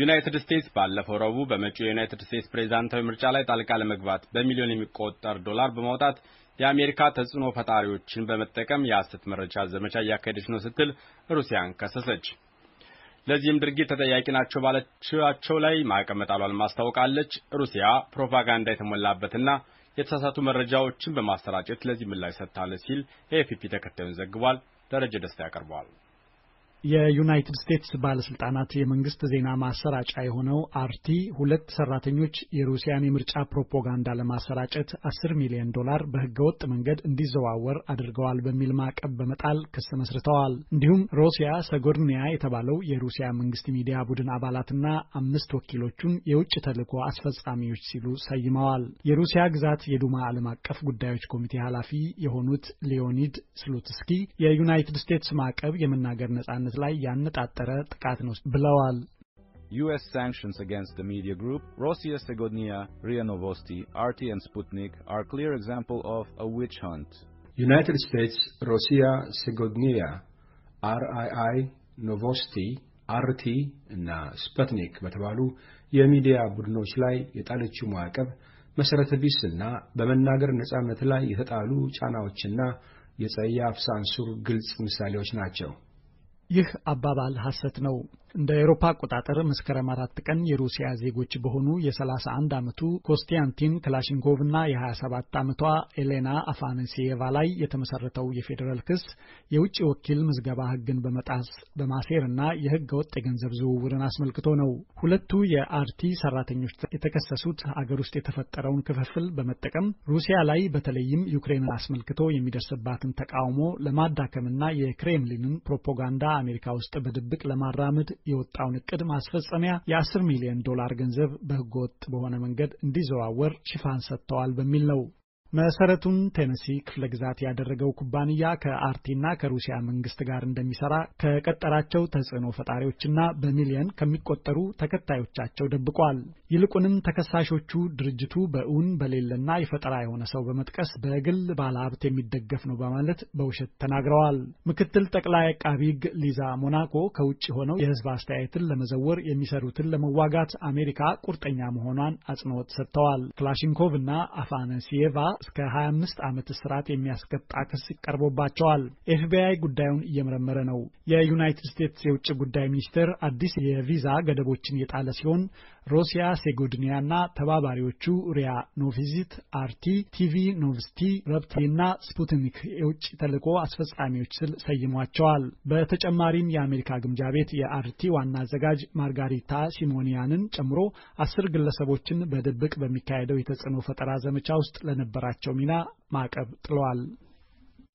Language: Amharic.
ዩናይትድ ስቴትስ ባለፈው ረቡዕ በመጪው የዩናይትድ ስቴትስ ፕሬዝዳንታዊ ምርጫ ላይ ጣልቃ ለመግባት በሚሊዮን የሚቆጠር ዶላር በማውጣት የአሜሪካ ተጽዕኖ ፈጣሪዎችን በመጠቀም የሐሰት መረጃ ዘመቻ እያካሄደች ነው ስትል ሩሲያን ከሰሰች። ለዚህም ድርጊት ተጠያቂ ናቸው ባለቻቸው ላይ ማዕቀብ መጣሏን ማስታወቃለች። ሩሲያ ፕሮፓጋንዳ የተሞላበትና የተሳሳቱ መረጃዎችን በማሰራጨት ለዚህ ምላሽ ሰጥታለች ሲል ኤኤፍፒ ተከታዩን ዘግቧል። ደረጀ ደስታ ያቀርበዋል። የዩናይትድ ስቴትስ ባለስልጣናት የመንግስት ዜና ማሰራጫ የሆነው አርቲ ሁለት ሰራተኞች የሩሲያን የምርጫ ፕሮፓጋንዳ ለማሰራጨት 10 ሚሊዮን ዶላር በህገወጥ መንገድ እንዲዘዋወር አድርገዋል በሚል ማዕቀብ በመጣል ክስ መስርተዋል። እንዲሁም ሮሲያ ሰጎድኒያ የተባለው የሩሲያ መንግስት ሚዲያ ቡድን አባላትና አምስት ወኪሎቹን የውጭ ተልዕኮ አስፈጻሚዎች ሲሉ ሰይመዋል። የሩሲያ ግዛት የዱማ ዓለም አቀፍ ጉዳዮች ኮሚቴ ኃላፊ የሆኑት ሊዮኒድ ስሉትስኪ የዩናይትድ ስቴትስ ማዕቀብ የመናገር ነጻነት ነጻነት ላይ ያነጣጠረ ጥቃት ነው ብለዋል። US sanctions against the media group Rossiya Segodnia, RIA Novosti, RT and Sputnik are clear example of a witch hunt. United States Rossiya Segodnia, RII Novosti, አርቲ እና ስፐትኒክ በተባሉ የሚዲያ ቡድኖች ላይ የጣለችው ማዕቀብ መሠረተ ቢስ እና በመናገር ነጻነት ላይ የተጣሉ ጫናዎችና የጸያፍ ሳንሱር ግልጽ ምሳሌዎች ናቸው። ይህ አባባል ሐሰት ነው እንደ አውሮፓ አቆጣጠር መስከረም አራት ቀን የሩሲያ ዜጎች በሆኑ የ31 ዓመቱ ኮንስታንቲን ና የ27 ዓመቷ ኤሌና አፋነሲየቫ ላይ የተመሰረተው የፌዴራል ክስ የውጭ ወኪል ምዝገባ ሕግን በመጣስ በማሴርና የሕገ ወጥ የገንዘብ ዝውውርን አስመልክቶ ነው። ሁለቱ የአርቲ ሰራተኞች የተከሰሱት አገር ውስጥ የተፈጠረውን ክፍፍል በመጠቀም ሩሲያ ላይ በተለይም ዩክሬንን አስመልክቶ የሚደርስባትን ተቃውሞ ለማዳከምና የክሬምሊንን ፕሮፓጋንዳ አሜሪካ ውስጥ በድብቅ ለማራመድ የወጣውን እቅድ ማስፈጸሚያ የ10 ሚሊዮን ዶላር ገንዘብ በህገወጥ በሆነ መንገድ እንዲዘዋወር ሽፋን ሰጥተዋል በሚል ነው መሰረቱን ቴነሲ ክፍለ ግዛት ያደረገው ኩባንያ ከአርቲና ከሩሲያ መንግስት ጋር እንደሚሰራ ከቀጠራቸው ተጽዕኖ ፈጣሪዎችና በሚሊየን ከሚቆጠሩ ተከታዮቻቸው ደብቋል። ይልቁንም ተከሳሾቹ ድርጅቱ በእውን በሌለና የፈጠራ የሆነ ሰው በመጥቀስ በግል ባለሀብት የሚደገፍ ነው በማለት በውሸት ተናግረዋል። ምክትል ጠቅላይ አቃቢ ሕግ ሊዛ ሞናኮ ከውጭ ሆነው የህዝብ አስተያየትን ለመዘወር የሚሰሩትን ለመዋጋት አሜሪካ ቁርጠኛ መሆኗን አጽንኦት ሰጥተዋል። ክላሽንኮቭ እና አፋነሲየቫ እስከ 25 ዓመት እስራት የሚያስቀጣ ክስ ቀርቦባቸዋል። ኤፍቢአይ ጉዳዩን እየመረመረ ነው። የዩናይትድ ስቴትስ የውጭ ጉዳይ ሚኒስቴር አዲስ የቪዛ ገደቦችን የጣለ ሲሆን ሮሲያ ሴጎድኒያና ተባባሪዎቹ ሪያ ኖቪዚት፣ አርቲ፣ ቲቪ ኖቭስቲ፣ ረብቴና ስፑትኒክ የውጭ ተልዕኮ አስፈጻሚዎች ስል ሰይሟቸዋል። በተጨማሪም የአሜሪካ ግምጃ ቤት የአርቲ ዋና አዘጋጅ ማርጋሪታ ሲሞኒያንን ጨምሮ አስር ግለሰቦችን በድብቅ በሚካሄደው የተጽዕኖ ፈጠራ ዘመቻ ውስጥ ለነበራቸው በነበራቸው ሚና ማዕቀብ ጥለዋል